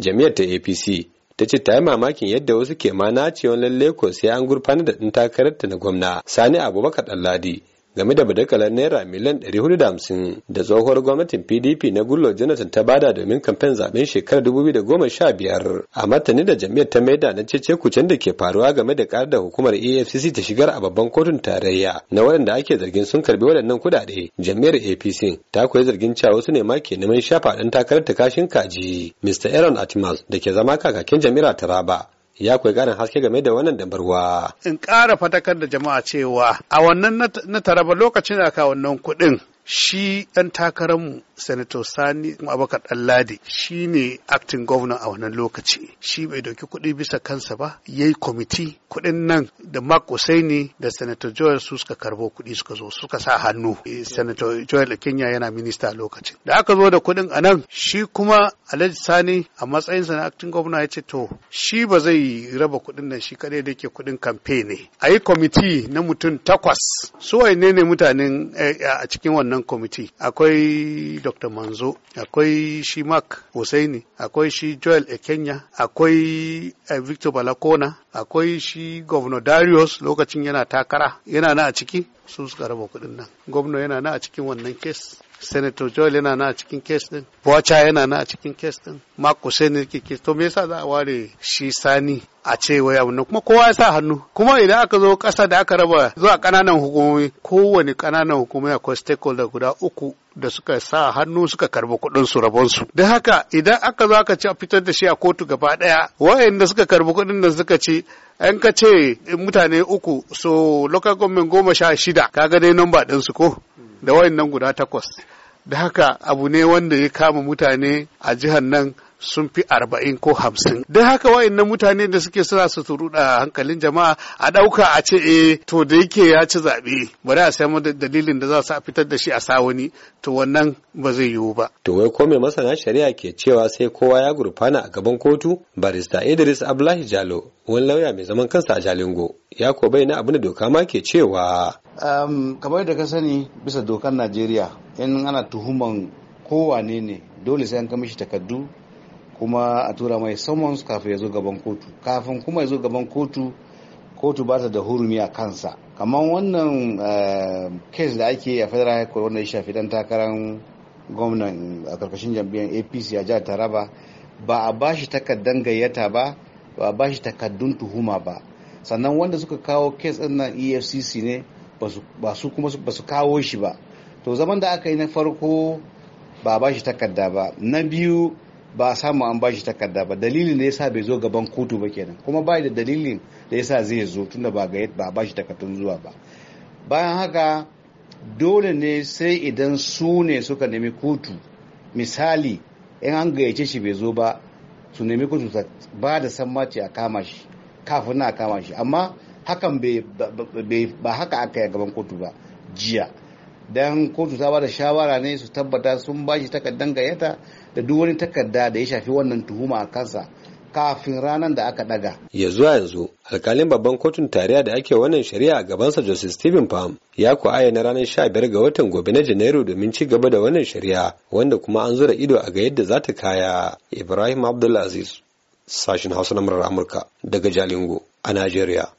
jam'iyyar ta apc ta ce ta yi mamakin yadda wasu ke ma nacewan lalle ko sai an gurfanar da ɗin takararta na gwamna sani abubakar ɗanladi game da badakalar naira miliyan 450 da tsohuwar gwamnatin pdp na gullo jonathan ta bada domin kamfen zaben shekarar 2015 a martani da jami'ar ta maida na cece kucen da ke faruwa game da karar da hukumar efcc ta shigar a babban kotun tarayya na waɗanda ake zargin sun karbi waɗannan kuɗaɗe jami'ar apc ta koyi zargin cewa wasu ne ma ke neman shafa ɗan takarar ta kashin kaji mr aaron atmas da ke zama kakakin jami'ar taraba ya koyi ƙarin haske game da wannan dambarwa. In ƙara fatakar da jama'a cewa a wannan na taraba lokacin da aka wannan kuɗin shi ɗan takararmu senator sani abubakar ɗanladi shi ne acting governor a wannan lokaci shi bai dauki kuɗi bisa kansa ba ya yi kwamiti kuɗin nan da mark Hussaini da senator joel su suka karbo kuɗi suka zo suka sa hannu eh, senator joel kenya yana minista a lokacin da aka zo da kuɗin a nan shi kuma alhaji sani a matsayinsa na acting governor ya ce to shi ba zai raba kuɗin nan shi kaɗai da ke kuɗin campaign ne a yi kwamiti na mutum takwas su ne ne mutanen eh, a cikin wannan kwamiti akwai dr manzo akwai shi mark hussaini akwai shi joel ekenya akwai eh, victor balakona akwai shi governor darius lokacin yana takara yana na a ciki su suka raba kuɗin nan gwamna yana na a cikin wannan kes senator joel yana na a cikin kes din bocha yana na a cikin kes din mako sani ke to me yasa za a ware shi sani a ce wai abu kuma kowa ya sa hannu kuma idan aka zo kasa da aka raba zuwa kananan hukumomi kowane kananan hukumomi akwai stakeholder guda uku da suka sa hannu suka karbi kuɗin su rabon su da haka idan aka zo aka ci a fitar da shi a kotu gaba ɗaya wayanda suka karbi kuɗin da suka ci an ka ce mutane uku so local government goma sha shida Ka ga dai number ɗinsu ko da wayannan guda takwas da haka abu ne wanda ya kama mutane a jihar nan sun fi arba'in ko hamsin. Don haka nan mutane da suke suna su turu da hankalin jama'a a ɗauka a ce eh to da yake ya ci zaɓe bari a samu dalilin da za su fitar da shi a sa wani, to wannan ba zai yiwu ba. To wai ko mai masana shari'a ke cewa sai kowa ya gurfana a gaban kotu barista Idris Abdullahi Jalo wani lauya mai zaman kansa a Jalingo ya ko bayyana abin da doka ma ke cewa Um, kamar da ka sani bisa dokar najeriya in ana tuhuman kowane ne dole sai an kama shi takaddu kuma a tura mai summons kafin ya zo gaban kotu kafin kuma ya zo gaban kotu kotu ba ta da hurumi a kansa kamar wannan kes um, da ake a federal high court wanda ya shafi dan takarar gwamnan a karkashin jam'iyyar apc a jihar taraba ba a bashi takardan gayyata ba ba a bashi takaddun tuhuma ba sannan wanda suka kawo kes ɗin nan efcc ne ba su kuma ba su kawo shi ba to zaman da aka yi na farko ba ba shi takarda ba na biyu ba a samu an ba shi takarda ba dalilin da yasa bai zo gaban kotu ba kenan kuma ba da dalilin da yasa zai zo tunda ba ba ba shi takardun zuwa ba bayan haka dole ne sai idan su ne suka nemi kotu misali in an gayyace shi bai zo ba su nemi kotu ba da sammaci a kama shi kafin na kama shi amma hakan ba haka aka yi gaban kotu ba jiya don kotu ta bada shawara ne su tabbata sun bashi takardan gayyata da duk wani takarda da ya shafi wannan tuhuma a kansa kafin ranar da aka daga. Ya zuwa yanzu, alkalin babban kotun tarayya da ake wannan shari'a a gabansa Joseph Stephen Palm ya ku ayyana ranar 15 ga watan gobe na Janairu domin ci gaba da wannan shari'a wanda kuma an zura ido a ga yadda za ta kaya. Ibrahim Abdulaziz, Sashen Hausa na Amurka daga Jalingo a Najeriya.